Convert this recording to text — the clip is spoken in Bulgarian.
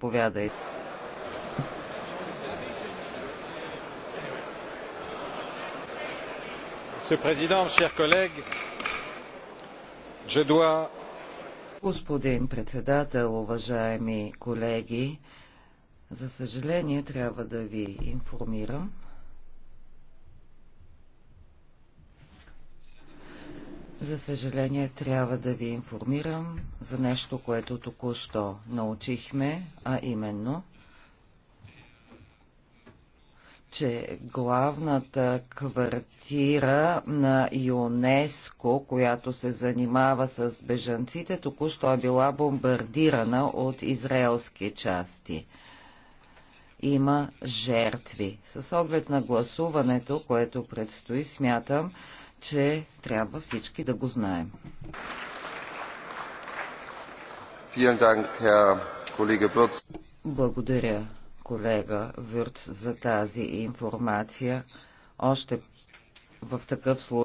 Повядайте. Господин председател, уважаеми колеги, за съжаление трябва да ви информирам, За съжаление, трябва да ви информирам за нещо, което току-що научихме, а именно, че главната квартира на ЮНЕСКО, която се занимава с бежанците, току-що е била бомбардирана от израелски части има жертви. С оглед на гласуването, което предстои, смятам, че трябва всички да го знаем. Благодаря, колега Вюрц, за тази информация. Още в такъв случай.